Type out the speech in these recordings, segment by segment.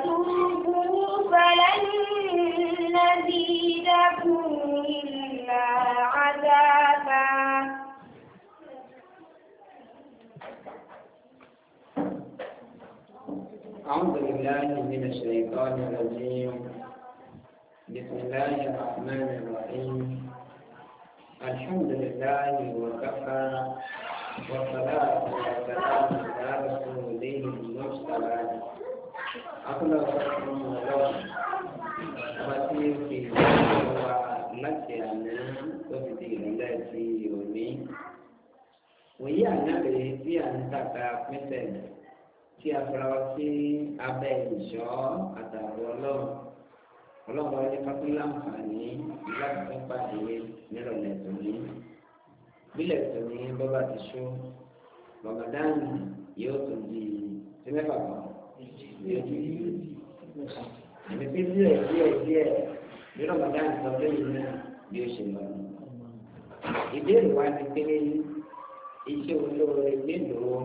فلن نزيدكم إلا عذابا أعوذ بالله من الشيطان الرجيم بسم الله الرحمن الرحيم الحمد لله وكفى والصلاة والسلام على رسوله المرسل akọ́lá ọ̀sán ọlọ́run ọba tí ó fi ìwọ́n wa láti àná tó fi di ìrọ̀lẹ́ ti òní. wòye àná rèé bí à ń tàkà pínpẹ̀ tí a fara wa sí abẹ́ ìṣọ́ àtàwọn ọlọ́run ọlọ́run ọdẹ kápẹ́ láǹfààní láti tún pàdé nírọ̀lẹ́ tòní. bílẹ̀ tòní bọ́bá ti ṣó rọ̀mọ̀dán yóò tún di sí mẹ́fà àti bí díẹ̀ díẹ̀ díẹ̀ bí rọ̀mọdá nǹkan ọdún yìí náà bí ó ṣe lọ. ìbéèrè wa ti péré iṣẹ́ olóore mélòó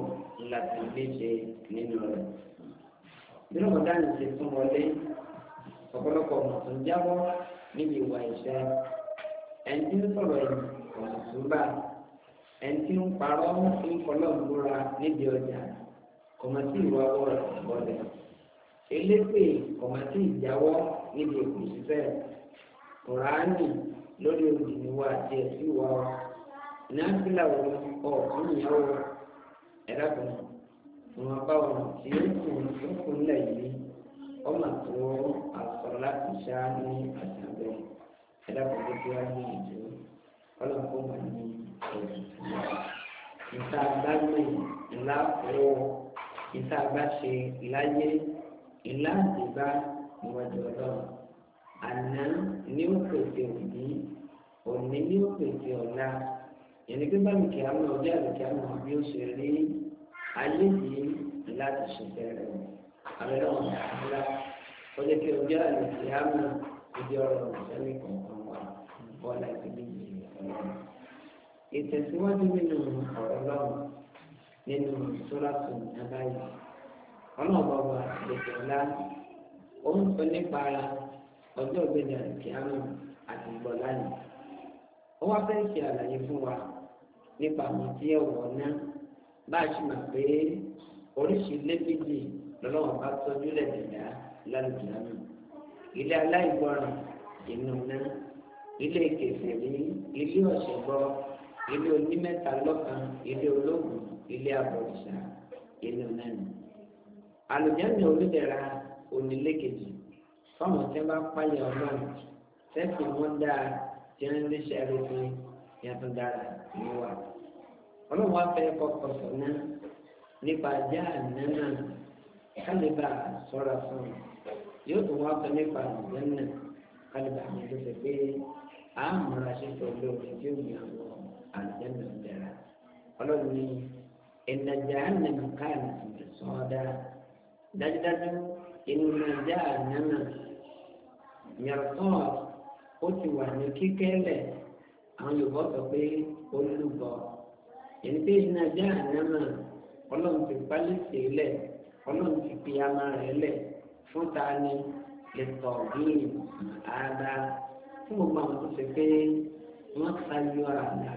la ti gbé ṣe nínú rẹ̀. bí rọ̀mọdá nì ṣe tún wọlé ọ̀pọ̀lọpọ̀ mọ̀tún jábọ́ níbi ìwà ìṣẹ́ ẹni tí ń sọ̀rọ̀ ìwọ̀ntúnbà ẹni tí ń parọ́ ń kọlọ́ọ̀mùra níbi ọjà kọ̀mọ̀tì ìwà ọ̀rọ̀ ìwọ́lẹ̀ elépè kọ̀mọ́tì ìjáwọ́ níbi èkó sífẹ́ kùránì lórí olùdìníwá àti ẹ̀sìn ìwà wa nàfìlà wọn ọ̀ọ́kùn ìyàwó ẹ̀dàkùn wọn bá wọn tí ó kùn ó kùn lẹ̀ yìí ọmọ tó àsọlá ìṣá ní àjàbẹ ẹ̀dàkùn tó ti wá ní ìjọ ọlọ́pàá wọn ní ẹ̀sìn ìwà ìta ńlá fọwọ́ ìta bá láyé ìlà àtìgbà ìwájú ọlọ́run àná ní ó pèsè òbí òní ní ó pèsè ọ̀la ìní pípa lùkì àwọn ọjọ́ àlùkì àwọn bí ó ṣe rí ayé yìí láti ṣe bẹ̀rẹ̀ àbẹ̀rẹ̀ ọ̀la àbúrà ó lè fi ọjọ́ àlùkì àwọn ibi ọ̀rọ̀ ìṣẹ́lẹ̀ kọ̀ọ̀kan wà bọ́ọ̀lá ìpínlẹ̀ yìí ìtẹ̀síwájú nínú ọ̀rọ̀ ọlọ́run nínú sóràtún abáyé ọlọ́ọ̀bá wa ètò ọ̀la ó ń sọ nípa ara ọjọ́ ìgbéjà ìkíámù àti ìbọ̀lá ni ó wá fẹ́ ṣe àlàyé fún wa nípa àwọn tí ẹ wọ̀ ná bá a ṣe mọ̀ pé oríṣi lébìjì lọ́lọ́wọ́ bá tọ́jú lẹ́dẹ̀dá lálùjáàmù ilé aláìgbọràn inú ná ilé kẹfẹ́rí ilé ọ̀ṣẹ̀gbọ́ ilé onímẹ́ta lọ́kan ilé ológun ilé abọ̀rìṣà inú náà ni àlùjáde onídẹ̀ra onílékejì fáwọn tí wọ́n bá pààyàn ọlọ́run tẹ́sí wọn dáa tí wọ́n lè ṣe àròfin yàtọ̀ dára níwà. ọlọ́run wá fẹ́ kọ́kọ́ sọ náà nípa ajá ànáná kálíbà sọ́ra fún un yóò tún wá sọ nípa àlùjáde kálíbà àwọn tó ṣe pé àmọ́ra ṣe sọ lórí tí ó yàn wọ́n àlùjáde onídẹ̀ra ọlọ́run ní ìnàjà ànáná káàdì sọ́ọ́dá dájúdájú inú nàìjà àná yàtọ̀ ó ti wà ní kíkẹ́lẹ̀ àwọn yorùbá sọ pé ó lùbọ̀ èyí pé nàìjà àná náà ọlọ́run ti pálí sílẹ̀ ọlọ́run ti fi ama rẹ̀ lẹ̀ fún ta ni ìtọ̀ bíi àdá tí mo máa tó ṣe pé wọ́n ta àdá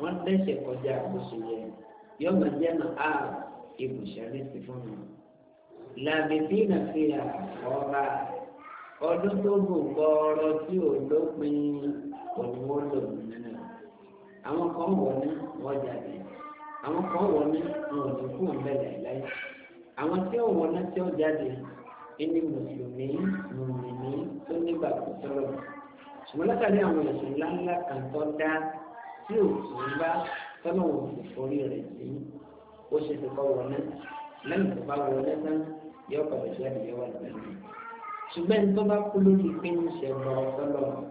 wọ́n dẹ́sẹ̀ kọjá àkóso yẹn yọ́ọ̀mọ̀ jẹ́ nà á ibùsùn rẹ̀ ti fún mi làbìtì nàfìyà ọba ọdún tó bù gbọ́ọ́rọ́ tí ò lópin òníwó lò nínú àwọn kan wọ̀ ní wọ́n jáde àwọn kan wọ̀ ní wọn ò ní kú ọ̀bẹ̀lẹ̀ láyé àwọn tí ó wọ̀ ní tí ó jáde ẹni mùsùlùmí mùmìnì tó nígbà tó sọ̀rọ̀ ṣùgbọ́n látàrí àwọn ẹ̀sùn ńláńlá kan tó dá tí ò tún bá tọ́lọ́wọ̀n kò forí rẹ̀ sí ó ṣe ti kọ́ wọlé lẹ́yìn tó bá wọlé náà yóò padà jáde yóò wà lẹ́yìn ṣùgbọ́n ní tó bá kú lórí pé ń ṣe ọmọ ọlọ́run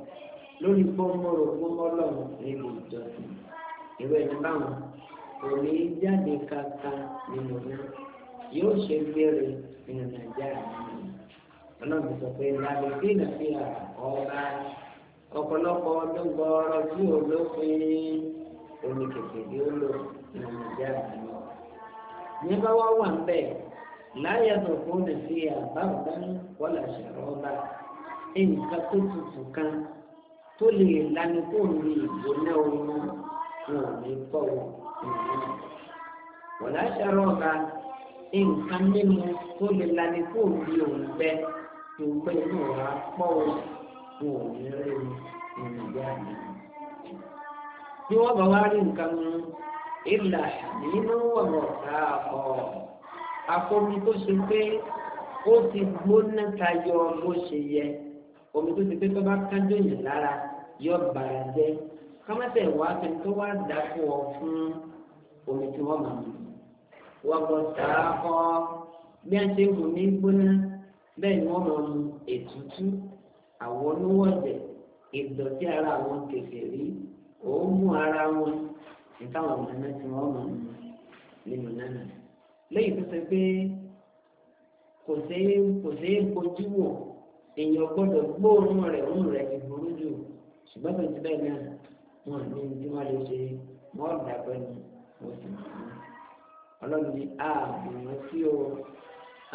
lórí gbọ́mọ́rò gbọ́mọ́lọ́run níbi ìjọsìn ìwé ẹni báwọn kò ní í jáde kaka nínú náà yóò ṣe gbére nínú nàìjíríà nínú ọlọ́run sọ pé lábẹ́ kí nàìjíríà ọba ọ̀pọ̀lọpọ̀ ọdún gbọ́ọ́rọ́ tí ò lópin omi kẹ̀kẹ́ bí ó lò nínú nàìjíríà nínú. ní bá wá wà ń bẹ́ẹ̀ láyé ọ̀dọ̀kọ́ lè fi àbáwọ̀dá wọ́n là ṣàrọ̀ ọba nǹkan tó tutù kan tó lè lanu kó ní ìgbóná omi wọn ò ní kọ́ wọn ìrìn wọ́n là ṣàrọ̀ ọba nǹkan mímu tó lè lanu kó ní òǹgbẹ òǹgbẹ inú wa pọ̀ wọn ò ní rí ìrìnàjò àná. bí wọ́n bá wá rí nǹkan mu ìlà nínú ọ̀rọ̀ sáà ọ àfomi tó ṣe pé ó ti gbóná tayọ bó ṣe yẹ omi tó ṣe pé tó bá kájọ yẹn lára yọ bàrà jẹ kámẹ́tẹ̀ wá fi tó wá dà fún ọ fún omi tí wọ́n máa mú wọ́n gbọ́ sàá kọ́ bí a ṣe ń mú gbóná bẹ́ẹ̀ ni wọ́n máa mú ètútú àwọn oníwọ̀jẹ̀ ìdọ̀tí ara àwọn kékeré òun mú ara wọn nítawọn ọmọ náà tí wọ́n máa mú nínú náà lẹ́yìn tó ṣe pé kò ṣe é kò ṣe é bojú wò èèyàn gbọ́dọ̀ gbóòórùn rẹ̀ òun rẹ̀ ti burú jù ṣùgbọ́n tó ti bẹ́ẹ̀ náà wọn ní tí wọ́n lè ṣe wọ́n dàgbẹ́ ni wọ́n sì mọ̀ ọ́n ọlọ́run ní ààbò wọn sí o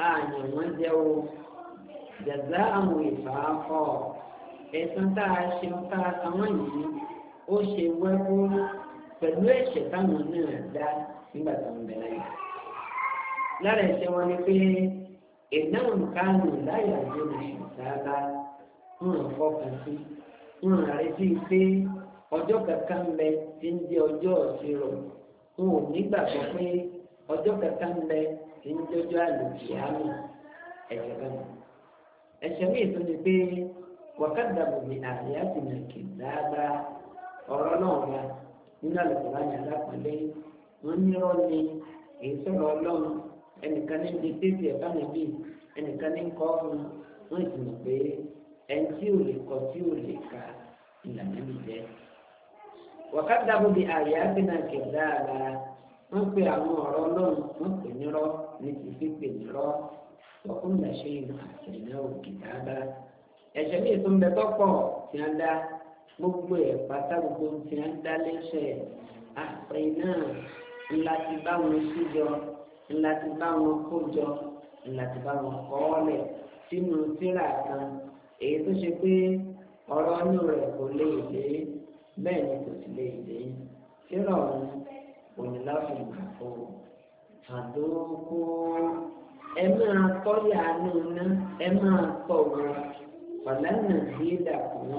ààyàn wọn jẹ́ o jàzá àwọn ìfàákọ́ ẹ̀sán tá a ṣe ń ká àwọn yìí ó ṣe wẹ́kú pẹ̀lú ẹ̀ṣẹ̀ táwọn náà dá nígbà tó bẹ̀rẹ̀ yìí lára ẹ̀ṣẹ̀ wọn ni pé ìdáhùn kánú láyà ló lè ṣàtàlá wọn fọkàn sí wọn àrètí pé ọjọ́ kankan mẹ ti ń jẹ ọjọ́ ìṣirò wọn ò nígbàgbọ́ pé ọjọ́ kankan mẹ ti ń jọjọ àlùkìyàmù ẹ̀ṣẹ̀ bẹ́ẹ̀ ẹ̀ṣẹ̀ mi tó ni pé wàkàtà bòbí àyà ti nà kì dáadáa ọ̀rọ̀ náà wà nínú àlùkò láyà lápàlẹ́ wọn ní ọ́ ni èyí sọ̀rọ̀ ọlọ́run ẹnìkan ní ní tètè ẹ̀ báyìí bí ẹnìkan ní kọ́ fún wọn sì mọ̀ pé ẹni tí ò lè kọ tí ò lè ka ìlànà mi jẹ́. wàkàtí àbúbi àyè àbínà kẹ̀dá àlà wọ́n pe àwọn ọ̀rọ̀ náà wọ́n pè nírọ́ ní ti fi pè nírọ́ wọ́n lè ṣe àtẹ̀lẹ́ òkè dáadáa. ẹ̀ṣẹ̀ mi tún bẹ tọ́pọ̀ tí a dá gbogbo ẹ̀ pátá gbogbo tí a dá léṣẹ̀ àpẹ náà ńlá ti bá wọn síjọ ńlá ti bá wọn kó jọ ńlá ti bá wọn kọ́ ọ́lẹ̀ sínú tírà kan èyí tó ṣe pé ọ̀rọ̀ inú rẹ̀ kò lè dé bẹ́ẹ̀ ni kò sì lè dé tírà ọ̀hún oníláfi gbà fún un àdókò ẹ máa kọ́ yàánú ná ẹ máa kọ̀ wọ́n ọ̀lànà sí ìdàkùn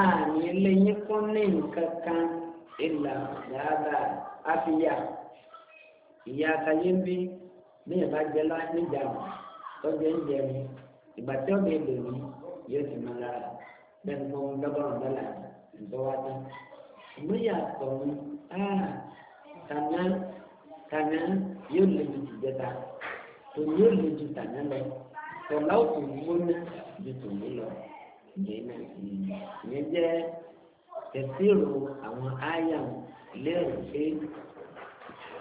àmì lẹ́yìn kún ní nǹkan kan ìlà dáadáa àfihàn ìyá akayé ń bí ní ìbá jẹ níjà mọ́ tọ́jú ń jẹ mi ìgbà tí ọ̀bẹ èlò mi yóò ti máa lára bẹ́ẹ̀ ni mo ń dọ́gọ́rùn dọ́là ìtọ́wádé. ìmúyà àtọ̀hún tànà tànà yóò lè ju tìjẹta tó yóò lè ju tànà lọ tọ̀lá òkú gbóná ju tòun lọ ìyẹn náà ìyẹn jẹ́ tẹ̀síìrò àwọn áyà lẹ́rù pé.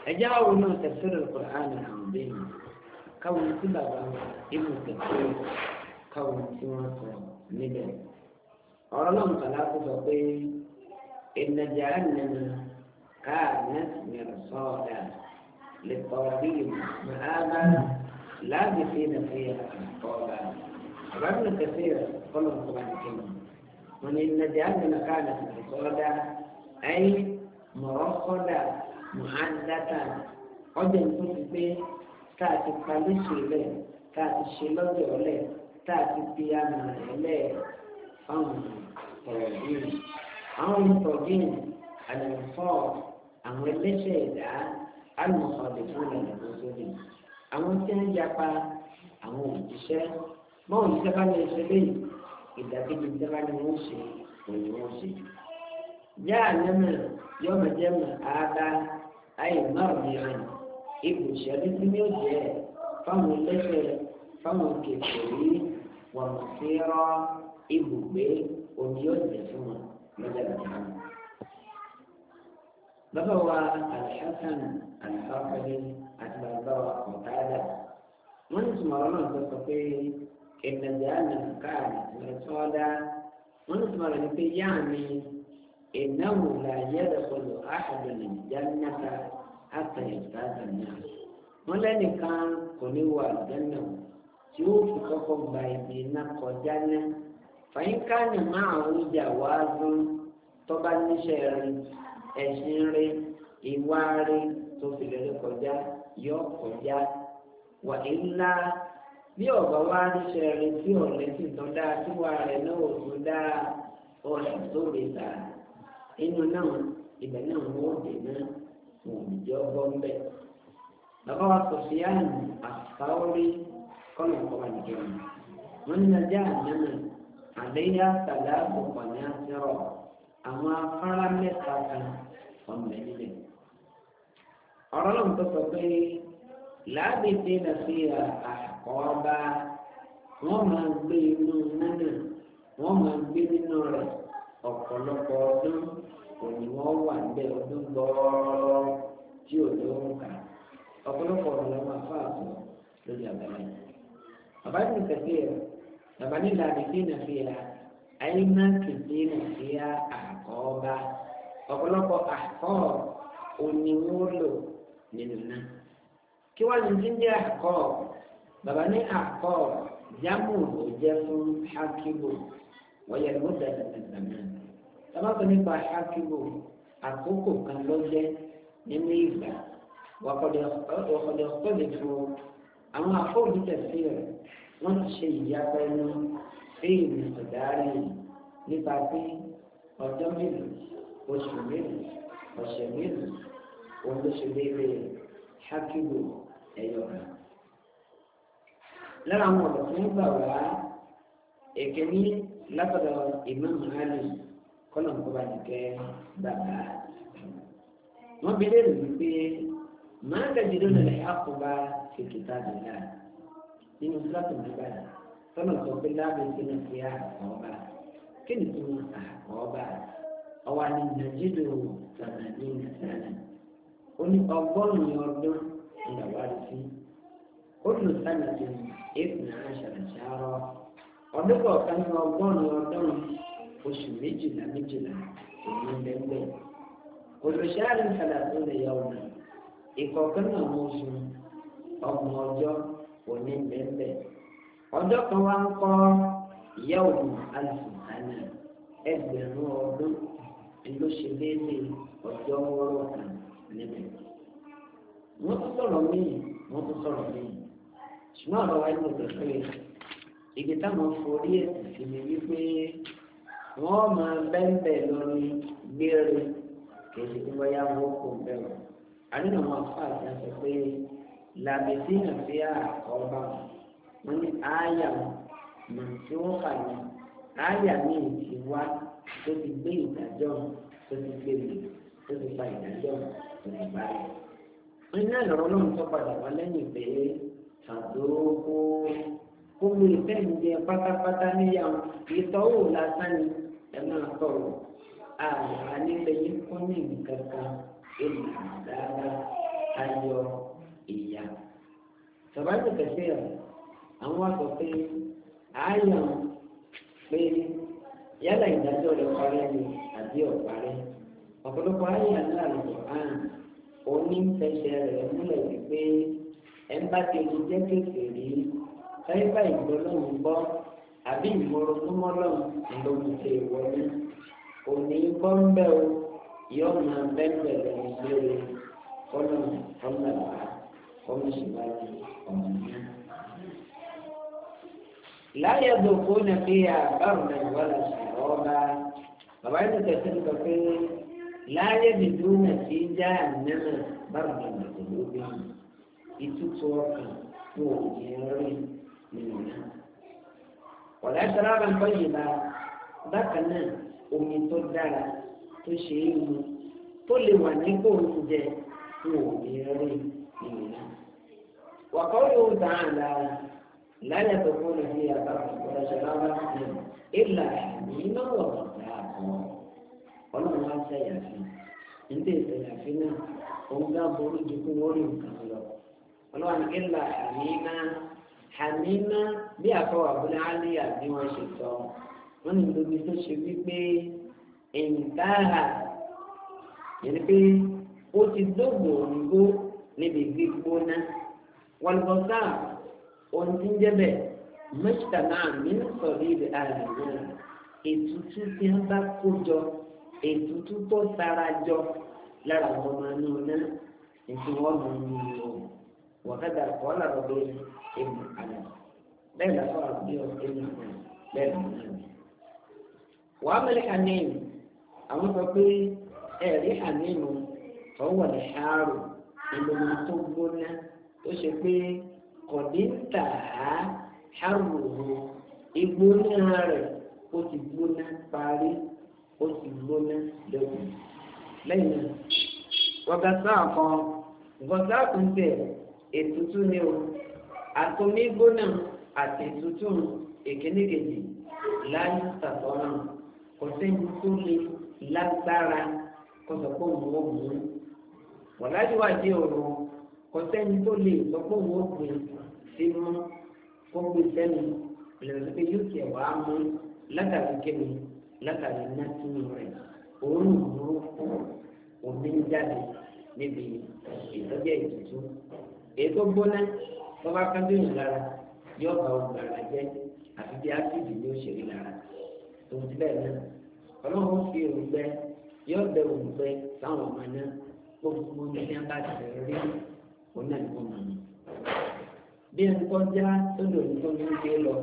اجاوا من تفسير القران العظيم كون سبب ابن تفسير كون سمعت نبي قال لهم ثلاثة فقيل إن جهنم كانت مرصادا للطاغين مآبا لا بسين فيها طابا ابن كثير قل القرآن الكريم وان جهنم كانت مرصادا أي مرصدا mọ̀hándáta ọjọ́ ìlú ti gbé tá a ti parí sílẹ̀ tá a ti ṣe lọ́dọ̀ ọ̀lẹ̀ tá a ti fi àmà ẹ̀lẹ́ fáwọn tọ̀ọ̀dún. àwọn tọ̀ọ̀dún àlùfọ́ àwọn ẹlẹ́ṣẹ̀ ẹ̀dá àlùmọ̀kọ̀dé fún ìlànà sódì. àwọn tí ń yapa àwọn òjíṣẹ́ bọ́ọ̀ ní sábà ní ẹsẹ̀ lẹ́yìn ìdàkejì sábà ní wọ́n ṣe òyìnbó ṣe. yáà nẹ́mẹ̀ yọ̀ọ̀mẹ̀jẹ̀mẹ̀ àádá ayi أي مرجعا ibùsọ̀rí tí yóò jẹ́ fáwọn ẹlẹ́sẹ̀ fáwọn wa wọn fi rọ ibùgbé omi yóò jẹ́ fún wọn lọ́jọ́ ìgbà. bàbá wa alhassan alhafari àti bàbá wa kọ̀tàdà wọ́n ní tùmọ̀rọ̀ náà tó sọ pé ìdàgbà àná káàdì tó lè tọ́ da wọ́n ní tùmọ̀rọ̀ ní pé yáà mi. إنه لا يدخل أحد الجنة حتى يفتاد الناس wọ́n lẹ́nìkan kò ní wọ àlùjànnà tí ó fi kọ́kọ́ gba ibi iná kọjá ná fàyínkáàní máa ń jà wá dún tọ́ba níṣẹ́ rí ẹ̀sìn rí ìwà rí tó fi lè rí kọjá yọ kọjá wà ńlá bí ọ̀gá wá níṣẹ́ rí tí ọ̀rẹ́ sì tán dáa tí wàá rẹ̀ náà ò tún dáa ọ̀rẹ́ tó lè dáa inú náà ibẹ̀ náà wọ́n dè náà wọ́n ò jẹ́ ọgbọ́n bẹ́ẹ̀. bàbá wa kò sí àyàn àfáwọ́rí kọ́nà kọ́ba nìkan wọ́n ní ajá àyànnà àléyà tàlà àbùkọ̀ ní àtẹ́rọ̀ àwọn afárá mẹ́ta kan ọmọ ẹ̀ nílẹ̀. ọ̀rọ̀ náà tó sọ pé láàbìtì náà àkọ́ bá wọ́n máa gbé inú náà wọ́n máa gbé nínú rẹ̀ ọ̀pọ̀lọpọ̀ ọdún òní wọ́n wà níbẹ̀ ọdún gbọ́ọ́rọ́ tí ò ní wọn kà ọ̀pọ̀lọpọ̀ ọ̀rọ̀ làwọn afáàfọ̀ lórí àbálẹ̀ bàbá ní kẹfì ẹ̀ bàbá ní làbí sí nàfi ẹ̀ ayé náà kìí nàfi ẹ̀ àkọ́ọ́bá ọ̀pọ̀lọpọ̀ àkọ́ òní wọ́n lò nínú náà kí wọ́n lè ti ń jẹ́ àkọ́ bàbá ní àkọ́ jámù ò jẹ́ fún hákìbò wọ́n yẹ kó dà dàgbà náà. sábàbí nípa ṣáàkìbò àkókò kan lọ́jẹ́ nínú ìgbà wàkọ̀dẹ̀ ọ̀pọ̀lẹ̀ tó àwọn afọ́ọ̀dù tẹ̀sí rẹ̀ wọ́n ti ṣe ìyapa ẹnu sí ìrìnsọ̀dáàrí nípa pé ọjọ́ mélòó oṣù mélòó ọ̀sẹ̀ mélòó ohun tó ṣe léèrè ṣáàkìbò ẹ̀yọ̀ rẹ̀ lára àwọn ọ̀rọ̀ tó ń gbà wá èké látọ̀dọ̀ Imam Ali kọ́nà kó bá nìkẹ́ bàbá. wọ́n bí léèrè wípé máa dájú lónà lè àkóbá fi kitabillah nínú sílátù nígbà tọ́nà sọ pé láàbẹ̀ sí ní fi àkọ́ọ́bà kí ni tí àkọ́ọ́bà ọwọ́ ni nàìjíríà tọ̀nà ní nàìjíríà ó ní ọgọ́rùn-ún ọdún ìdàwárí sí ó lù sánà tó ní èèpù náà ṣàlàṣàrọ̀ ọdún kọ̀ọ̀kan ní ọgọ́rùn-ún ọdún oṣù méjìlá méjìlá èyí ń bẹ́ẹ̀ olùṣàlù ìfàlàtò lè yọ ọ̀nà ìkọ̀ọ̀kan náà mú oṣù ọgbọ̀n ọjọ́ òní bẹ́ẹ̀ ọjọ́ kan wá ń kọ́ ìyá òun alùpùpù ẹgbẹ̀rún ọdún ló ṣe léèlé ọjọ́ wọ́rọ̀ kan níbẹ̀. wọ́n tún sọ̀rọ̀ míì wọ́n tún sọ̀rọ̀ míì ṣùgbọ́n ọ̀rọ̀ wa ní òkè pé ibi táwọn forí ẹ̀sìn sí ni wípé wọ́n máa bẹ́ńbẹ̀ lórí gbére kejì tí wọ́n yá wọ́n kó bẹ́ẹ̀ wọ́n. àdínà wọn fà sí ẹsẹ̀ pé làbẹ̀sí náà fi àkọ́bà wọn ní àyà mà tí wọ́n kà ní àyà míì ti wá tó ti gbé ìdájọ́ tó ti gbé mi tó ti pa ìdájọ́ tó ti bá rẹ̀. wọ́n ní àlọ́ ọlọ́run tó padà wá lẹ́yìn pé tàdókòó gbogbo ìfẹ́ǹdẹ pátápátá níyàwó ìtọ́wò lásán ni ẹ máa tọrọ àyà nílẹ̀ yín kún ní nǹkan kan ènìyàn dáadáa ayọ̀ ìyá. sọ̀bájú kẹsẹ̀ ọ̀ àwọn sọ pé àyà pé yálà ìdájọ́ rẹ̀ parẹ́ ni àbí ọ̀parẹ́ ọ̀pọ̀lọpọ̀ àyà náà lọ́wọ́ àrùn onífẹsẹ̀ rẹ̀ múlẹ̀ wípé ẹ̀ ń bá ti jẹ́ kékeré káyípa ìgbọ́lọ́hùn gbọ́ àbí ìmọ̀rọ̀dúnmọ́lọ́hùn ìlòmùtẹ̀ ìwọlé òní gbọ́ ń bẹ́ o yóò máa bẹ́ẹ̀ lẹ́yìn lórí fọ́nà fọ́nà wà fọ́nṣíwájú ọ̀nà yẹn. láyé dòkó na fi hà báwọn ẹ̀wọ́ la sọ̀rọ̀ ọba bàbá yìí tẹ̀ sí nǹkan pé láyé dìdú na fi já ànámà báwọn ẹ̀wọ́ la sọ̀rọ̀ ọba ìtútù ọkàn fún òjì ẹ̀rọ nínú náà. ọ̀la ṣàràbà ń bọ́ yìí bá bákan náà omi tó dára tó ṣe é mu tó lè wà nípò oúnjẹ ń wò ní rí nínú náà. wàkọ́ yóò dá àlà lálẹ́ tó kún ní àbá ọ̀la ṣàràbà ń ilà nínú ọ̀la àbọ̀ ọlọ́run á ṣàyàfi níbi ìṣẹ̀yàfi náà òun gbá borí ju kí wọ́n rí nǹkan lọ ọlọ́run ilà àmì náà. Hamima bí àfọwọ́ àbúlé aliya bí wọ́n ṣe sọ wọ́n ní lóbi tó ṣe wípé ìǹtàrà yẹn pé ó ti dógbò òyìnbó níbi gbígbóná wọlbọsá ohun tí ń jẹbẹ mẹ́ta náà nínú sọ̀rọ̀ ibi àlùkò ètùtù tí wọ́n bá kó jọ ètùtù tó tara jọ lára ọmọ náà náà ètò mọ ní o. وكذا قال الرجل ابن أنس ليلى قال ابن أنس ليلى وأما الحميم أما تقول ẹ̀rí àmínú ọwọ́ ní ṣáàrù ìlòmí tó gbóná tó ṣe pé kọ̀díńtà á ṣàrùrù ìgbóná rẹ̀ ó ti gbóná parí ó ti gbóná lẹ́kùn lẹ́yìn náà wọ́gàtà ètùtù ni o àtòmí gbóná àti ètùtù èkénékèjì láyé sàtọ́nà kò sẹ́ni tó le lágbára kọsọ̀pọ̀ òun ó mú wọ̀lájú wà dé ọ̀rọ̀ kò sẹ́ni tó le sọ̀pọ̀ òun ó gbìn sí mú kó gbé sẹ́nu lẹ́nu yóò tẹ̀ wá mú látàrí kéwì látàrí nàtúwì rẹ̀ òun burúkú òun ń jáde níbi ìtọ́jú ètùtù èyí tó gbóná tó bá ká bí òun lára yóò bá òun lára jẹ àti bí ásíìdì ní òṣèré lára tòun ti bẹ́ẹ̀ náà ọlọ́run fi òun gbẹ yóò bẹ òun gbẹ sáwọn ọmọ náà gbogbo ní ní abá ti rí òun náà ní wọn mọ bí ẹni tó já tó lò ní tó ní gbé lọ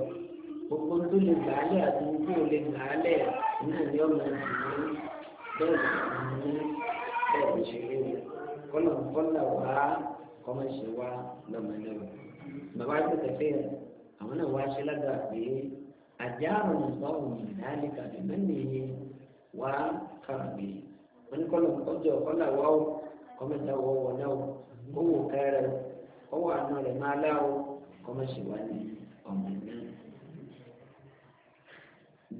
gbogbo tó lè gbàálẹ̀ àti tí ò lè gbàálẹ̀ náà ni ọmọ ìṣòro bẹ́ẹ̀ ni bẹ́ẹ̀ ni kọ́nà kọ́nà wàá kọ́mọ̀ ṣe wá lọ́mọ lẹ́wọ̀. bàbá tó tẹ̀sí ẹ̀ àwọn náà wá ṣe lágbà pé àjárùn ìgbọ́hùn ìdálẹ́kà lẹ́mọ́ nìyí wá kàgbé wọn ní kọ́lọ̀ ọjọ́ kọ́là wá ó kọ́mọ̀ ṣe wọ́ wọ́ náà ó wò kẹ́rẹ́ ó wà nù rẹ̀ máa lá ó kọ́mọ̀ ṣe wá ní ọmọ náà.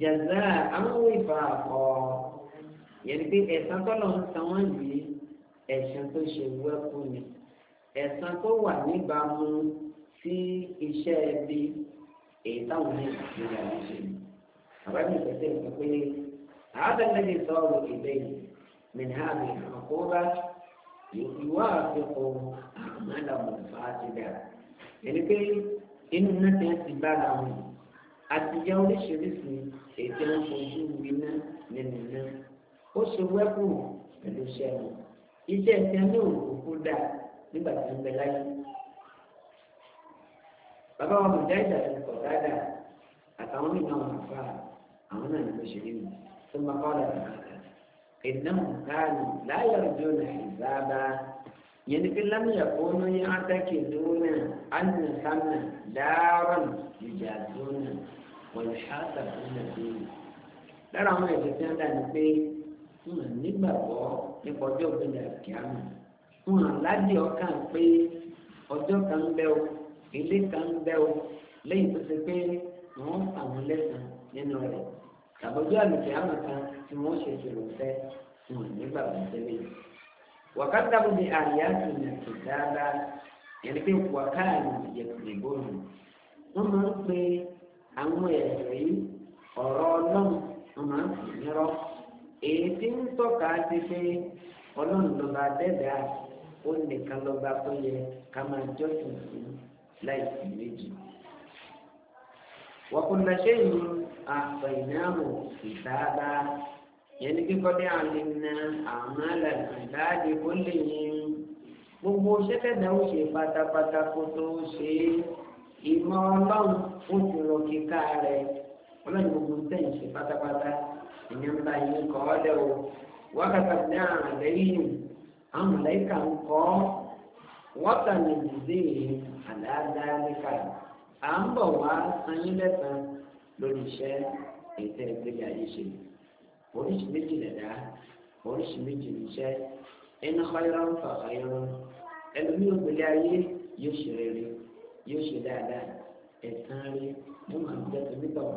jàzá àwọn ìfà ọ̀ yẹn ni pé ẹ̀sán tọ́lọ̀ ń san yìí ẹ̀sán tó ṣe wẹ́kú ni ẹ̀san tó wà níbàámu sí iṣẹ́ ẹbí èyí táwọn ní ìgbéga ló ṣe àbájáde ìgbésẹ̀ sọ pé àádọ́lẹ́ni sọ̀rọ̀ ìbẹ́yìn mìíràn àkóbá ìwà àfikún àmàlàmù fàájìdá ẹni pé inú náà ti ń ti bára wọn àtijọ́ oríṣiríṣi ètò ìfojú winá nínú náà ó ṣe wẹ́kù pẹ̀lú iṣẹ́ iṣẹ́ ìṣẹ́ ní òkú dáa. nígbà tí ń bẹ láyé. bàbá wa mọ̀já ìjà ti kọ̀ dáadáa àtàwọn mìíràn wọn àfa àwọn náà ní kò ṣe nínú tó máa kọ́ ọ̀dà tààtà. ìnáwó káàlù láyọ̀ ìjọ náà ìzáàbá yẹn ni pé lámìyà kó ní yẹn átákì dúnà ánì sámà dáárọ̀n ìjà dúnà wọ̀n ṣáàtà dúnà dúnà. lára àwọn ẹ̀jẹ̀ tí wọ́n dà ní pé nígbàgbọ́ nípa ọjọ́ ògbẹ́ni àkíyàmù wọn àládìí ọkàn pé ọjọ́ kan ń bẹ o ilé kan ń bẹ o lẹ́yìn tó ṣe pé wọ́n àwọn lẹ́sàn nínú rẹ̀ tàbọ̀jọ́ àlùfẹ́ àwọn kan tí wọ́n ṣe ṣèrò fẹ́ wọn nígbà wọn tẹ́lẹ̀ wàkàtà bó ni àríyá ti nà tó dáadáa yẹn pé wọ́n máa ń pe àwọn ẹ̀rọ yìí ọ̀rọ̀ ọlọ́run wọ́n máa ń pè èyí ń tọ́ka ti pé ọlọ́run ó nìkan lọ́ba tó yẹ ká máa jọ́sìn sí láì sí méjì. wọ́kùnrin ṣe ń àpò ìnáwó ìtaaba yẹn ní kíkọ́ dé àlè na àmọ́ àlàkà láàdì ó lè yẹn gbogbo ṣẹ́tẹ̀dá ó ṣe pátápátá kó tó ṣe é ìmọ̀ ọlọ́run ó ti rọ kíká rẹ̀ ọlọ́run gbogbo sẹ́yìn ṣe pátápátá ìyẹn ń bá yín kọ́ ọ́ lẹ́wọ̀ wákàtà náà lẹ́yìn àwọn mọ̀lẹ́kà ń kọ́ wọ́tà ní ìdílé àdáadáa níkà à ń bọ̀ wá sanyín lẹ́sàn lórí iṣẹ́ ètò ìgbéga yìí ṣe oríṣi méjì lẹ̀dá oríṣi méjì níṣẹ́ iná xayọ́rọ́ ń fà xayọ́rọ́ ẹlòmíì ògbélé ayé yóò ṣe rere yóò ṣe dáadáa ẹ̀sán rí ló máa ń jẹ́ tóbi tọ̀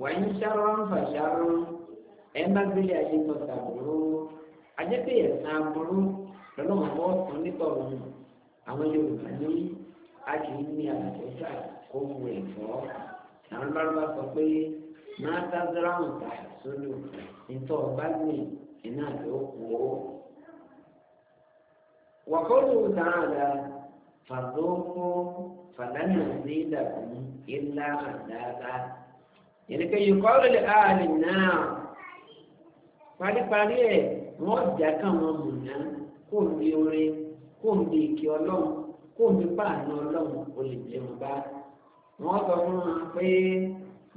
wàá ń ṣàrọ̀ ń fà ṣàrọ̀ ẹ̀ má gbélé ayé tọ̀ tàbí àjẹpẹ ẹsẹ aburú lọ́nà ọmọ ọsàn nípa òun àwọn Yorùbá ní a kì í ní àlàkẹsà kó wu ẹ̀fọ́ àwọn bárúbá sọ pé máa tázíráhùn tà sólù ìtọ ọba ní iná ló kú ó. wàkọ́lù tààlà fàdókò fàdánù sí ìdàkùn ilá àdáta yẹnìkan yìí kọ́ lóde ààrẹ náà paríparí ẹ̀ wọ́n jà káwọn mọ̀nà kó mi orin kó mi ìkí ọlọ́run kó mi pààyàn ọlọ́run kó lè jẹ wọn bá. wọ́n sọ fún wọn pé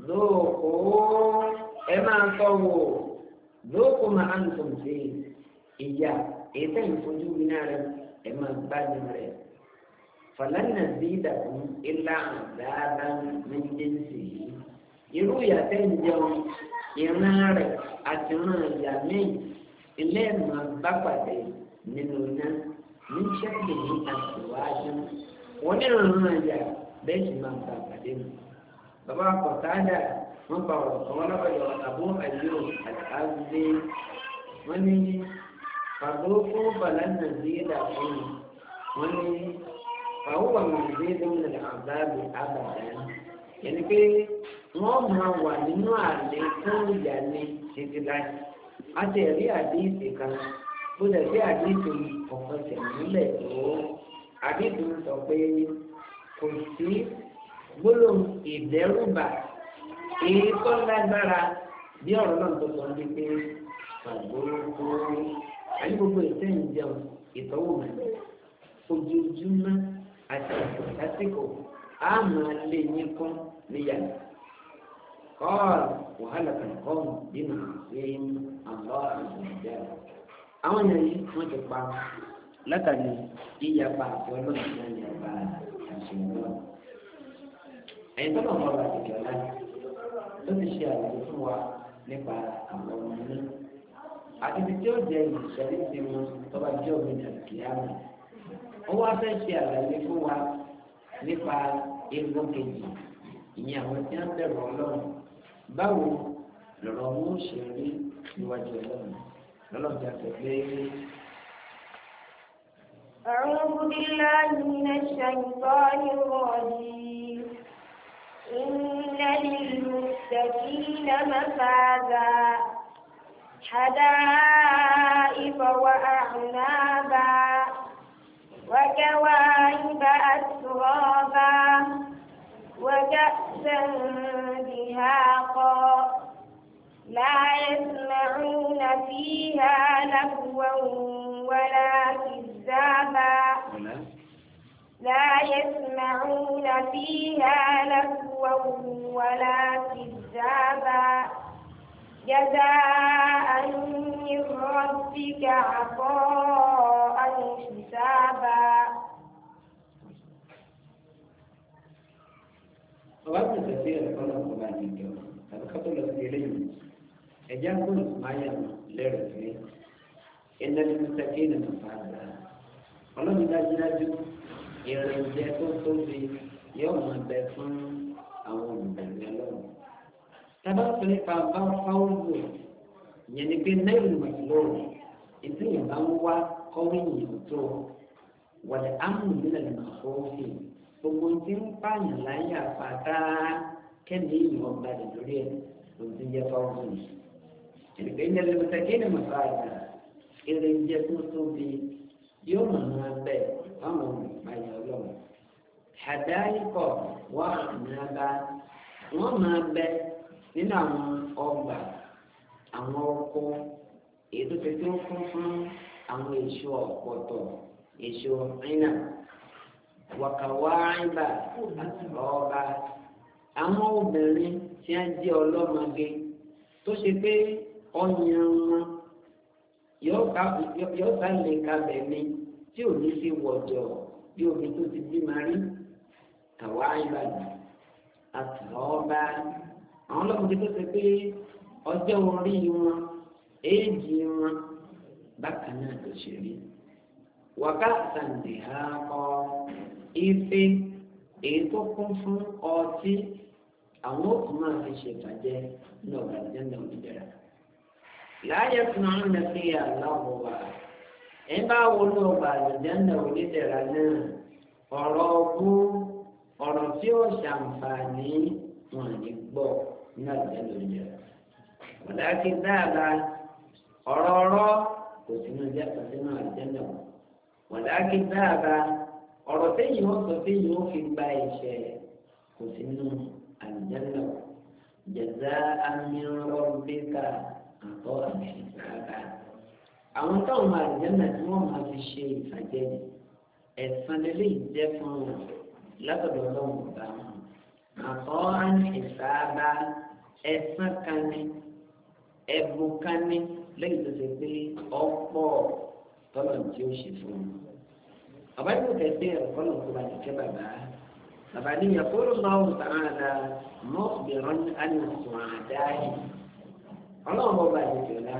lóòkó ẹ máa sọ wò lóòkó máa ń sọ sí ìyá ètò ìfojú mi náà rẹ ẹ máa bá mi rẹ. fàlànà sí ìdàkùn ilá àdáadá méjèèjì irú ìyá ń jẹun ìran rẹ̀ àti ìran ìyá ilé ẹ̀mọ́ gbàgbàdé nínú iná ní sẹ́ẹ̀lì ní àṣewájú wọ́n ní ìrànlọ́rùn àjà bẹ́ẹ̀ sì máa gba àpàdé mu. bàbá kọ̀tádà wọ́n pa ọ̀rọ̀ kan lọ́wọ́ àbó àyò àtàlẹ́ wọ́n ní fàgbókó balánà zídà fún wọ́n ní fàwọ́wà mọ̀ zídà ń lọ àbábì àbàdà yẹn ni pé wọ́n máa wà nínú àlẹ́ fún ìyá títí láti a ti rí àdéhìsì kan bó lè rí àdéhìsì ọ̀kan tẹ̀mílẹ̀ tó àdéhìsì ń sọ pé kò sí gbólóhùn ìdẹ́rùbà èyí tó lágbára bí ọ̀rọ̀ náà tó sọ ní pé pàgbórúkú àyè gbogbo ìtẹ́ ìjẹun ìtọ́wò mi ojoojúmọ́ àti àsìkò a máa yín kán níyàrá. قال وهلك القوم بما عصيهم الله عز وجل àwọn èèyàn yìí wọ́n ti pa látàrí yíyapa àti ọlọ́run náà ní ọba àṣeyọrọ ẹ̀yin tó náà wọ́n bá tìjọ láti tó ti ṣe àlàyé fún wa nípa àwọn ọmọ náà àti ibi tí ó jẹ ìṣẹ̀lẹ̀ ti wọn tó bá jẹ́ òun ní àkíyàmù ó wá fẹ́ ṣe àlàyé fún wa nípa egbò kejì ìyẹn àwọn tí wọ́n bẹ̀rù ọlọ́run báwo lọ́rọ̀ wọn ṣe rí níwájú ọlọ́run lọ́lọ́run ti àtẹ̀lé أعوذ بالله من الشيطان الرجيم إن للمتقين مفازا حدائق وأعنابا وكواعب أترابا وكأسا دهاقا لا يسمعون فيها لهوا ولا كذابا لا يسمعون فيها لهوا ولا كذابا جزاء من ربك عطاء حسابا صلاة كثيرة فلا قبال الجو هذا خطر السيلين أجاكم آية لرسلي إن المستقيم مفعلا ọlọ́run ní dájúdájú ìrìnjẹ tó tóbi yóò máa bẹ fún àwọn olùdarí ọlọ́run. tábà tó nípa bá fáwọ́lù yẹn ni pé náírà mọ̀lúwò ìdí ìbá ń wá kọ́wéyìn tó wọlé ámù nílẹ̀ nàkófì. gbogbo tí ń pààyàn láyé àpáta kẹ́mi ìyàn balẹ̀ lórí ẹ̀ ló ti jẹ́ fáwọn ìrìnkè ń yẹlẹ lọ́sẹ̀ kí ni mo fà á eré ń jẹ́ tó tóbi yóò mọ̀ ní abẹ́ àwọn olùpààyàn ọlọ́run. àdáyíkọ̀ wà wọ́n máa bẹ nínú àwọn ọgbà àwọn ọkọ èyí tó ti tó kún fún àwọn èso ọ̀pọ̀tọ̀ èso wàkàwáìbà ọba àwọn obìnrin tí a jẹ́ ọlọ́mọge tó ṣe pé ọyàn wọn yóò bá lè kabẹ̀ mi tí ò ní fi wọ̀jọ̀ bí omi tó ti bí máa rí kàwáìbà àtàwọ́ba àwọn ọlọ́mọge tó ṣe pé ọjọ́ orí wọn éèjì wọn bákan náà ló ṣe rí wàkàtàǹdì ha kọ́. ife èyí tó kún fún ọtí àwọn òkú máa fi ṣèbàjẹ́ ní ọ̀gá ìjọba ìjọba fún àwọn nàfi ẹ bá ọgbà náà ọ̀rọ̀ ọgbọ́n ọ̀rọ̀ tí ó ṣàǹfààní wọn ní gbọ́ ní dáadáa ọ̀rọ̀ ọ̀rọ̀ kò sínú dáadáa. ọ̀rọ̀ téyìn wọ́n sọ téyìn wọ́n fi gba ìṣẹ̀ kò sí nínú àlùjánnà jazā'an min rabbika àtọ́ àmìṣẹ́sáàbà. àwọn táwọn àlùjánnà tí wọ́n máa fi ṣe ìfàjẹ́ ẹ̀sán lélẹ́ ìjẹ́ fún wọn látọ̀dọ̀ ọlọ́run ọ̀gá wọn àtọ́ àmìṣẹ́sáàbà ẹ̀sán kan ní ẹ̀bùn kan ní lẹ́yìn tó ṣe pé ọ̀pọ̀ tọ́lọ̀ tí ó ṣe fún wọn àbájú kẹsí ẹ̀kọ́ náà kó ba lè jẹ́ bàbá bàbá ní yẹ kóró náà ó sàn án la mọ́ bìrọ̀ ní ànìsùn àdáyé ọlọ́run bọ́ ba lè jẹ́ la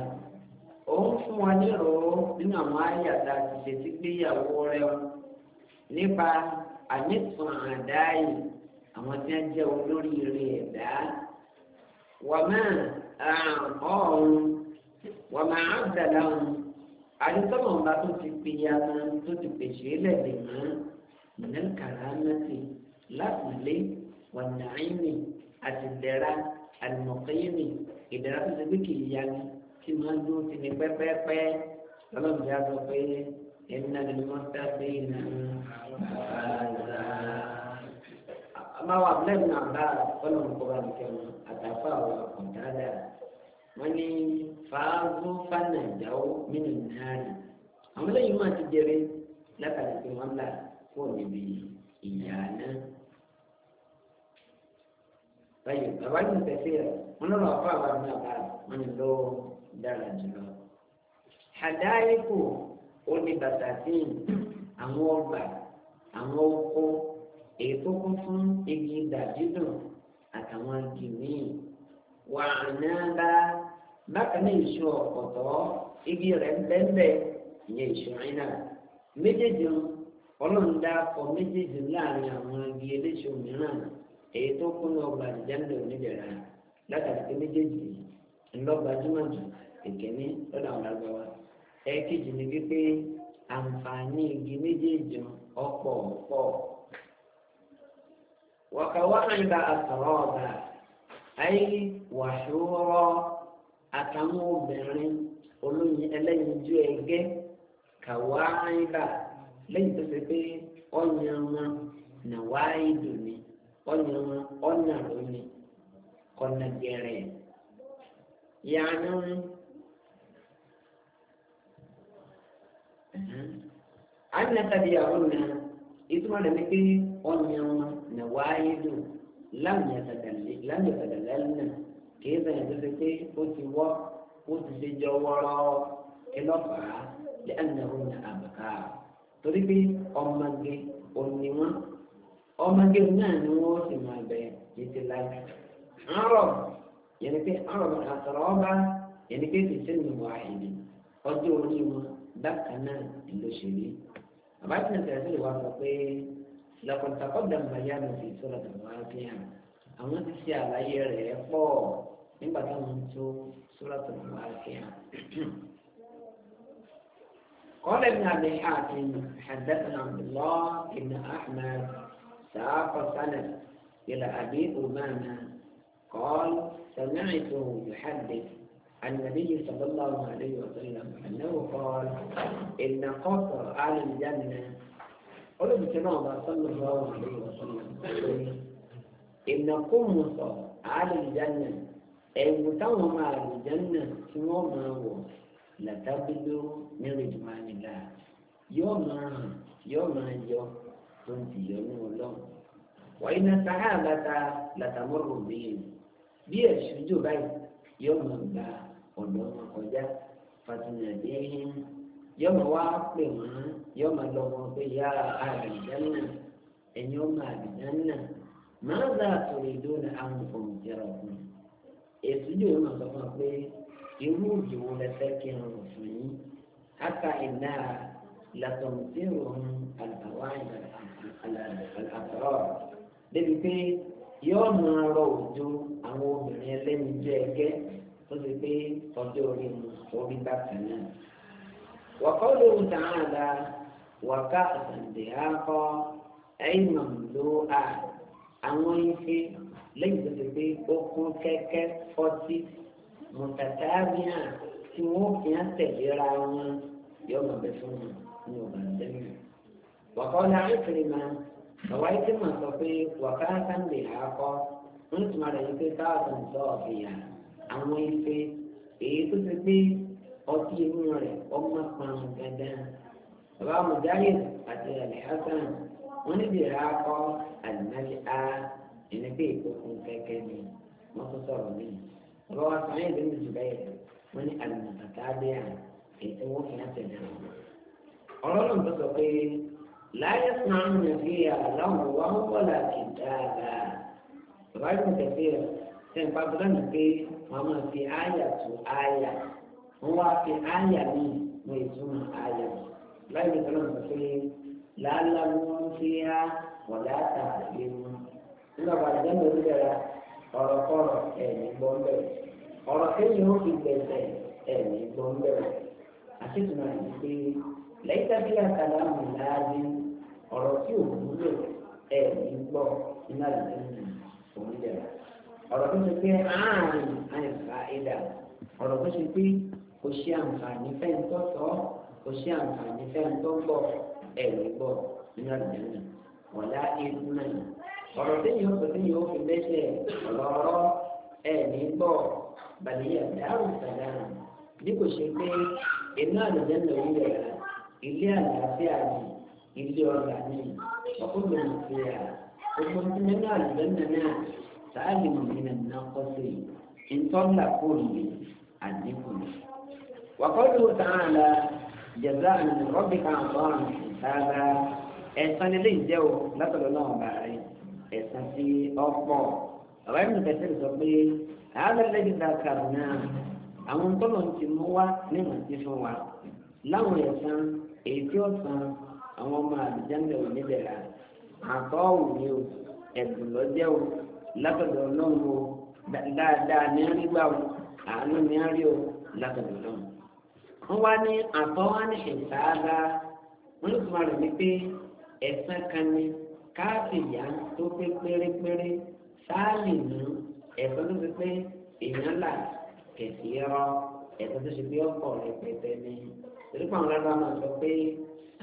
òun fún wa nírò nínú àwọn àyàtà ti ṣe gbéyàwó rẹ nípa ànìsùn àdáyé àwọn tí wọ́n jẹ́ olórí rẹ̀ ẹ̀dá wàmẹ́ ọ̀hún wàmẹ́ àbdàlà ọ̀hún àdìsọ́nà ọba tó ti pè ya máa tó ti pèsè lẹ́dẹ̀ máa mọ̀nà kàrà mẹ́tì lápùlé wànàáyìnì àti ìdẹ̀ra àlùmọ̀kẹ́yìnì ìdẹ̀ra tó ti gbé ya ni tí máa dúró ti ní pẹ́pẹ́pẹ́ lọ́lọ́mọdé á pé ẹ̀mínà ni mo fẹ́ pé iná àbáza. àmàwà abúlé mi àbá ọlọ́mọkọ́ bá mi kẹ́wọ́n àtàkùn àwọn ọ̀dà dáa wọ́n ní fàáfù fànàjáwó mínú náírà àwọn lẹ́yìn máa ti jẹrẹ látàrí pé wọ́n là kó níbi ìyá náà. báyìí bàbá yìí ń tẹ̀sí rẹ̀ wọ́n lọ́rọ̀ àpá àwọn àmì àbá wọn ni ló dára jùlọ. àdáyébò ó ní bàtà sí àwọn ọgbà àwọn oko èyí tó kún fún igi dàbídùn àtàwọn igi míì wà á náà bá. bákan náà iṣu ọ̀pọ̀tọ́ igi rẹ̀ bẹ́ẹ̀bẹ́ ìyẹn iṣu iná méjèèjì ọlọ́run dá akọ méjèèjì láàrin àwọn igi eléṣu mìíràn èyí tó kún ní ọgbà àdìjáde onídẹ̀ra látàrí pé méjèèjì ńlọ́gbàjúmọ̀ jù ìkíní lọ́dọ̀ àwọn lágbàwá ẹ̀ẹ́kejì àtàwọn obìnrin olóyin ẹlẹ́yinjú ẹgẹ́ kàwáìlà lẹ́yìn tó ṣe pé ọ̀yàn wọn nàwáìdù ni ọ̀yàn wọn ọ̀nà lónìí kọ̀nà gẹ̀rẹ̀ yàánú ánìyàtàbíyàwó na ìtumọ̀ rẹ̀ ni pé ọ̀yàn wọn nàwáìdù láwùjọ tàdàlẹ́ náà kìí sẹ́yìn tó ṣe pé ó ti wọ́ ó ti ṣe jọ wọ́rọ́ ẹlọ́pàá lé ànàrún ní àbùká torí pé ọmọge òní wọn ọmọge náà ni wọn sì máa bẹ títí láti. àárọ̀ yẹn ni pé àárọ̀ àtọ̀rọ̀ ọba yẹn ni pé tètè ní wàá ìdí ọjọ́ orí wọn bákan náà ló ṣe rí. bàbá tí nàìjíríà sì wá sọ pé lọ́kọ̀tàkọ́ dàmbàyà ló fi sọ̀rọ̀ dàmbàyà fi hàn àwọn ti ṣe àlàyé rẹ̀ pọ̀. nígbà táwọn قال ابن أبي حاتم حدثنا عبد الله ابن أحمد ساق سند إلى أبي أمامة قال سمعته يحدث عن النبي صلى الله عليه وسلم أنه قال إن قصر أهل الجنة قلوا بسماء صلى الله عليه وسلم إن قمص أهل الجنة ẹ̀wù táwọn ọmọ àlùjànnà tí wọ́n máa wọ̀ làtàbílò mẹ́rìndì máa nílà yóò máa hàn yóò máa yọ tó ń tìyọ ní ọlọ́run. wàyí na sàhà àbáta làtàmọ́rò bíi bí ẹ̀ṣújò báyìí yóò máa gba ọ̀dọ́ wọn kọjá fàtìyàdé yóò máa wá pè wọ́n yóò máa lọ wọn pé yá àlùjànnà ẹ̀yin ọmọ àlùjànnà máa ń dà àtòrè dóná àwọn òǹkẹ́rọ̀ ọ̀hún èsì yóò náà sọ fún ọ pé irú òjì wo lẹ fẹ́ kí n rùn fún yín hátà iná làtọ̀mù tí ò ń àgbàwá àgbàrọ̀ débi pé yóò máa rọ òjò àwọn obìnrin ẹlẹ́ni jẹ́ ẹgẹ́ tó ti pé ọjọ́ orí mu orí bàtà náà. وقوله تعالى وكأسا دهاقا عين مملوءة àwọn ife ليس بي اوكو كيكا فوتي متتابعه سمو في نفس الجيران يوم بسمو يوم بسمو وقال عكرمة فوائد من صفي وكاسا بحاقا انت ما رأيك كاسا صافيا اموي في ايه تسبي اوتي موري امك ما مكدا فقال مجاهد قتل الحسن ونبي حاقا الملئة النبي يقول كاكاني ما خسر مني روى سعيد بن جبير من المتتابع في أمور نفس الجنة قال لا يسمع النبي له وهو لا كتابا رواية كثيرة سين بابر النبي وما في آية آية هو في آية لي ويسمى آية لا يسمع النبي لا لهم فيها ولا تعلمون nígbà bá jẹ́ mi nílẹ̀ ọ̀rọ̀ kọ́rọ̀ ẹ̀mí gbọ́n bẹ̀rẹ̀ ọ̀rọ̀ kéèyàn ó fi gbẹ̀sẹ̀ ẹ̀mí gbọ́n bẹ̀rẹ̀ àti tùmọ̀ ní pé lẹ́tàbí àkàlà mi láàbí ọ̀rọ̀ tí ò wúlò ẹ̀mí gbọ́ iná lẹ́yìn òun jẹ̀rẹ̀ ọ̀rọ̀ tó ṣe pé àárín àyànfà ìdá ọ̀rọ̀ tó ṣe pé kò ṣe àǹfààní fẹ́ǹtọ́ tọ́ kò ṣe àǹfààní ọ̀rọ̀ téèyàn ó sọ̀tún yóò fi lẹ́sẹ̀ ọ̀rọ̀ ẹ̀mí bọ̀ bàlẹ́yà dáhùn sàdáhùn bí kò ṣe pé iná àlùjẹ́ ń lọ ilé rẹ̀ ilé àlàáfíà ni ilé ọ̀gá ni ọkùnrin ti rà gbogbo tí nínú àlùjẹ́ ń náà sáàlì mọ̀mìnà náà kọ́ sí ìtọ́lá kóòlì àdínkù. wàkọ́lù tààlà jẹ̀dá àmì rọ́bìkà àbọ̀ àmì tààlà ẹ̀sán ilé ìjẹ́ o náà bàárẹ̀ ẹ̀sán sí ọ̀pọ̀ bàbá ìlú kẹsẹ̀ sọ pé àádọ́lẹ́dì dàkàrọ̀ náà àwọn tọ́lọ̀ ti mú wá níwọ̀n ti fún wa láwọn ẹ̀sán èyí tí ó san àwọn ọmọ àdìjánlẹ̀ oníbẹ̀rẹ̀ àtọ́ òní o ẹ̀bùn lọ́jẹ́ o látọ̀dọ̀ ọlọ́run o dáadáa ní rí gbà o àánú ní rí o látọ̀dọ̀ ọlọ́run. wọ́n wá ní àtọ́ wá ní ìsáábà wọ́n ló tún wá rẹ̀ wípé ẹ̀sán kan ní káàfìyà tó pé pérépéré sáàlì ní ẹ̀kọ́ tó fi pé èèyàn là kẹ̀sì rọ ẹ̀kọ́ tó ṣe pé ọkọ̀ rẹpẹtẹ ni torípa àwọn lábàá máa sọ pé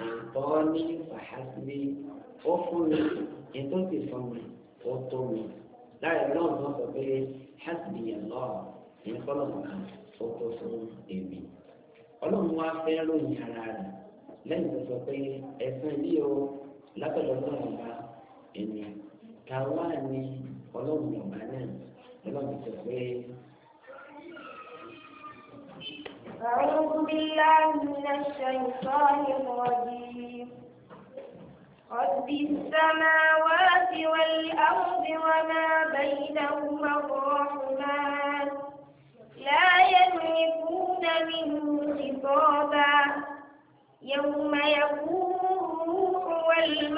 àtọ́ ní fàhásílẹ̀ ó fún mi ètò ti fún mi ó tó mi láàyè náà wọ́n sọ pé hasbiyallah ìyẹn kọ́ lọ́wọ́ kan ó tó fún èmi ọlọ́run wá fẹ́ ròyìn ara rẹ̀ lẹ́yìn tó sọ pé ẹ̀sán yìí o. lábẹ́lẹ́ ọlọ́run ọba ẹni káwá ni أعوذ بالله من الشيطان الرجيم رب السماوات والأرض وما بينهما الرحمن لا يملكون منه خطابا يوم يقوم والملائكة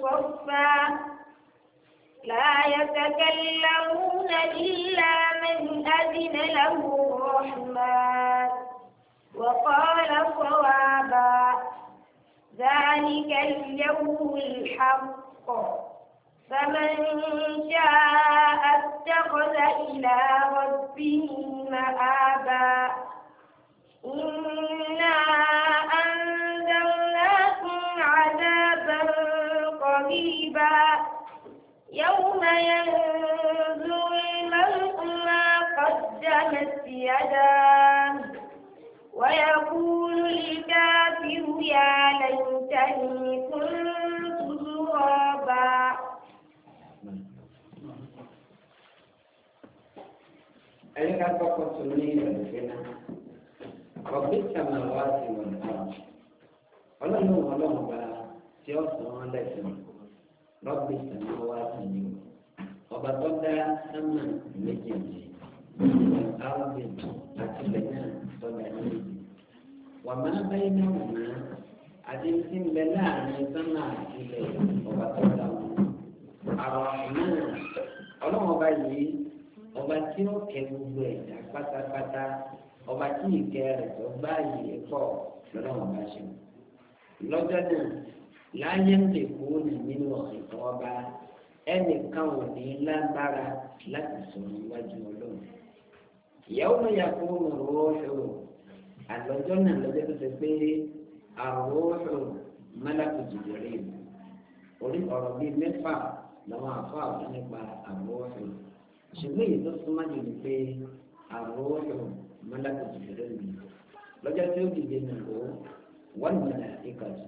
صفا لا يتكلمون إلا من أذن له الرحمن وقال صوابا ذلك اليوم الحق فمن شاء اتخذ إلى ربه مآبا katika kwako tulia tena ọ̀gbẹ́ta máa wá sí wọn náà ọlọ́run ọlọ́run bá tí ó sọ wọn lẹ́sìn lọ́gbẹ́ta máa wá sí ni ọba tó dá sánmà méjèèjì ọ̀gbẹ́ àti ilẹ̀ náà tó dá méjèèjì wà máa báyìí náà wò náà àti ti ń bẹ láàrin sánmà àti ilẹ̀ ọba tó dá wọn àwọn náà ọlọ́run ọba yìí ọba tí ó kẹ́ gbogbo ẹ̀dá pátápátá ọba tí ìkẹ́ rẹ̀ tó gbáàyè ẹ̀kọ́ lọ́wọ́ bá ṣe mu. lọ́jọ́ náà láyé ń lè kó ní nínú ìtọ́ ọba ẹnìkan ò ní lágbára láti sọ̀rọ̀ iwájú ọlọ́run. ìyàwó náà yà kó lọ́rọ̀ ọ̀ṣọ́ àlọ́jọ́ náà lọ́jọ́ tó ṣe pé àrùn ọ̀ṣọ́ mọ́lákù jìjọ́rẹ́ ìlú orí ọ̀rọ̀ bíi mẹ́fà làwọn àfọ́ àwọn nípa àrùn ọ̀ṣọ́ ṣùgbọ́n èyí tó súnmọ́ jù ní pé àròyọ̀ mọ́lákà jùlọ mi lọ́jọ́ tí ó dìde nìkó wọ́n mọ̀lá ìkà jù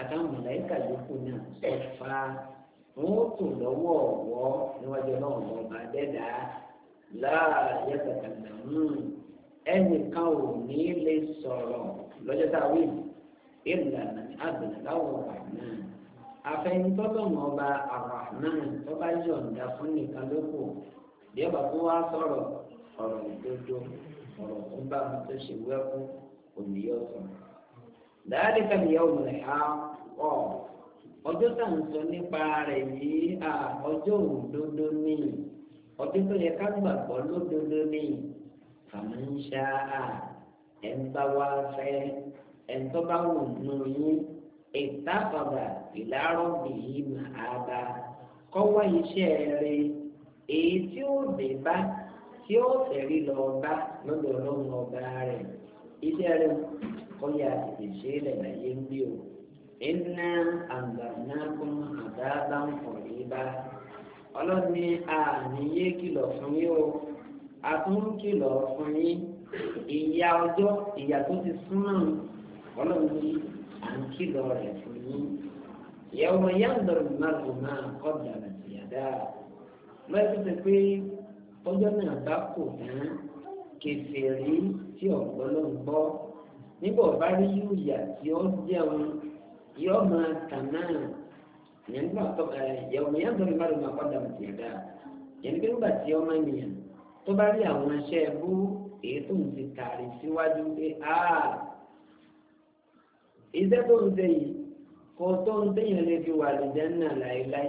àtàwọn mọ̀lá ìkà yòókù náà ẹ̀ fa wọn ó tò lọ́wọ́ ọ̀wọ́ níwájú ọlọ́run ọba dẹ́dàá láàyè kàkàndà ẹnìkan ò ní lè sọ̀rọ̀ lọ́jọ́ tá a wí ìlànà àbẹ̀láwọ̀ náà afẹ́yìntọ́tọ̀ ọba àràhàn tó bá yọ̀ǹda fún nìkan lóko bí ọba tó wá sọ̀rọ̀ ọ̀rọ̀ ìdodo ọ̀rọ̀ tó bá mi tó ṣe wẹ́kú òní yóò sọ. dáadé kàmí yà òun rẹ̀ á ọ̀ tá à sọ nípa rẹ̀ yìí à ọjọ́ òdodo ni ọjọ́ tó yẹ ká gbàgbọ́ lódodo ni àmì ń ṣá à ẹ̀ ń bá wá fẹ́ ẹ̀ ń tọ́ bá wù nù yín ìtàkọ̀dà ìlàrọ̀ bìí màá bá kọ́wọ́ iṣẹ́ rẹ̀ èyí tí ó dé bá tí ó fẹ̀rí lọ bá lọ́dọ̀ ọlọ́run ọba rẹ̀ iṣẹ́ rẹ̀ kọ́yà tètè ṣe é lẹ̀ láyé ń bí o. iná àgbànákún àdáàbá ń pọ̀ ní bá ọlọ́run ní àníyé kìlọ̀ fún yín o a tún kìlọ̀ fún yín ìyá ọjọ́ ìyá tó ti súnmọ́ ọlọ́run ní à ń kìlọ̀ rẹ̀ fún yín. ìyàwó yàtọ̀ mọ́tò máa kọ́ dàrú ìyàdá lọ́yẹ́ tó ṣe pé ọjọ́ náà bá kò fún kẹfẹ́rí tí ọ̀pọ̀ ló ń gbọ́ nígbà ọba rí yúùyà tí ó jẹun yóò máa tàn náà nígbà tó ẹ̀yẹ̀wò yẹn tó ń bá lọ́mọ àpàdà òtì ẹ̀dá yẹn pé nígbà tí ọmọ ènìyàn tó bá rí àwọn iṣẹ́ ẹbú èyí tó ń ti tààrí síwájú pé áà iṣẹ́ tó ń ṣe yìí kò tó ń tẹ̀yìn lè fi wà lójà náà láéláé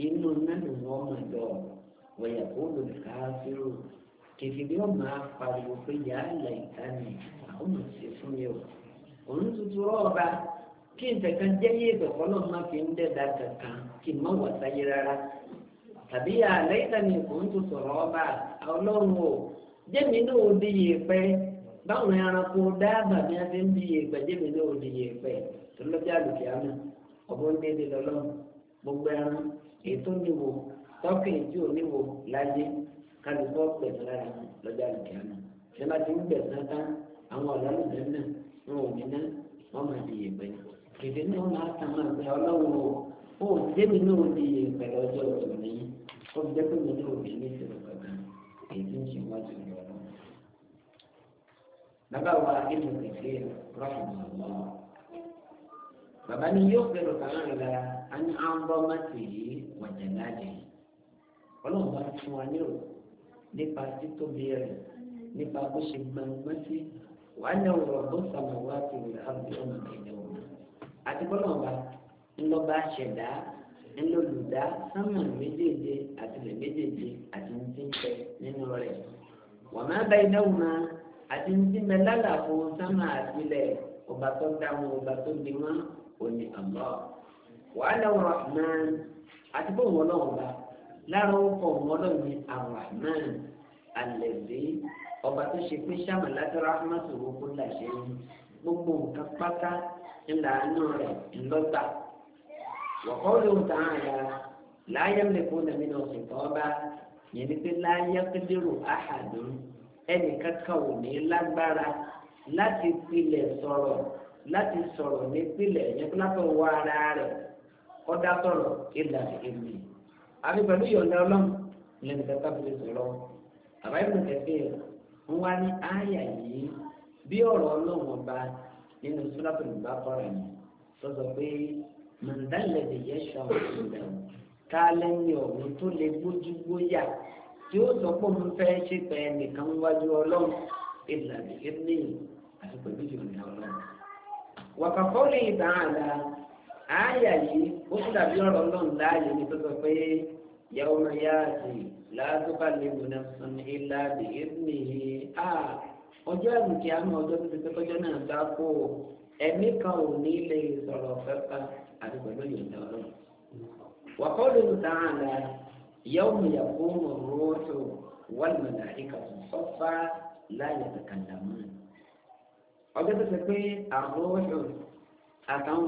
inú nánà wọn mà lọ wọ̀yà kó lò káfíìrù kìkìdí wọn máa pariwo pé yà á là ìtàní àwọn mà sí fún mi o òun tuntun rọ́ọ̀ba kí n tẹ̀kan jẹ́ yé ìdọ̀kọ́lọ́ má fi ń dẹ́da kankan kí n má wà sáyé rárá tàbí yà á là ìtàní òun tuntun rọ́ọ̀ba ọlọ́run o jẹ́mi náà ó di yè pẹ́ báwọn ẹranko dáàbà bí wọ́n ń di yè pẹ́ jẹ́mi náà ó di yè pẹ́ tó lọ́jà lùkìá náà ọ̀bọ̀n èyí tó níwò tọ́kì tí ò níwò láyé lára ṣé bá ti ń àwọn náà wọn ò ní ná wọn máa di kìdí náà wọn máa tàn máa ọlọ́wọ́ o ò débi náà ò di yèpẹ̀ lọ́jọ́ òtún ní ó fi jẹ́ pé mi dị ò ní ní kankan èyí wájú ìlú a ní àǹbọ̀mọ́tì yìí wọ̀nyẹ̀láàdì ọlọ́run bá fún wa ní o nípa títóbi rẹ̀ nípa bó ṣe gbọ̀ngbọ́n sí wà á ní ọ̀rọ̀ bó sàmì wá sí ìwé àbí ọmọ kẹ̀lẹ́ wọn. àti bọ́lọ́run bá ńlọ́ba ṣẹ̀dá ńlọ́lùdá sánmà méjèèjì àtìlẹ̀ méjèèjì àti ní ti ń tẹ nínú rẹ̀. wọ́n máa bá iná wọn àti ní ti mẹ́ lálàfo sánmà àtìlẹ̀ ọba tó dá ọba tó di wọn òní àlọ́. wa rahman àti bó wọn lọ́wọ́ bá lára ọkọ̀ wọn lọ́wọ́ ní arahman alẹ́bí ọba tó ṣe pé sàmà láti rahman sòwò kó làṣẹ gbogbo nǹkan pátá ńlá àánú rẹ̀ ńlọ́gbà wọ́pọ̀ lóhùn tá a yà láyé mẹ́kọ́ nàmi náà sì tọ́ bá yẹn ni pé láyé pédérò àhàdùn ẹnì kankan ò ní lágbára láti pilẹ̀ sọ̀rọ̀ láti sọ̀rọ̀ ní pilẹ̀ yẹn kó ọ̀dà sọ̀rọ̀ ìlà èmi àti pẹ̀lú ìyọ̀ǹda ọlọ́run lẹ́nu kẹta fi lè sọ̀rọ̀ bàbá ìbùn kẹfẹ́ ń wá ní àyà yìí bí ọ̀rọ̀ ọlọ́run ọba nínú sùràtù nìbá kọ́ra yìí tó sọ pé mọ̀ndálẹ̀dẹ̀ yẹ sọ̀rọ̀ ìgbà ká lẹ́yìn ọ̀run tó lè gbójú gbóyà tí ó sọ pé òun fẹ́ ṣe pẹ́ nìkan wájú ọlọ́run ìlà èmi àti pẹ̀lú ìyọ̀ǹda ọlọ́run wàkàkọ́ lè dàn àyà yìí ó tún dàbí ọ̀rọ̀ ọlọ́run láàyè ní tó sọ pé yàwó máa yá àti láàtúkà lèbu náà sùn ilá àbí ìdílé yìí á ọjọ́ àgùnkì àmọ́ ọjọ́ tó ti pé kọjọ́ náà dá kó ẹ̀mí kan ò ní lè sọ̀rọ̀ fẹ́fẹ́ àti pẹ̀lú ìyọ̀ǹda ọlọ́run. wàkọ́lù tààlà yàwó máa yà fún rúùtù wàlùmọ̀lá ìkàtún sọ́fà láyà kàkàndàmọ́ ọjọ́ tó ti pé àrùn àtàwọn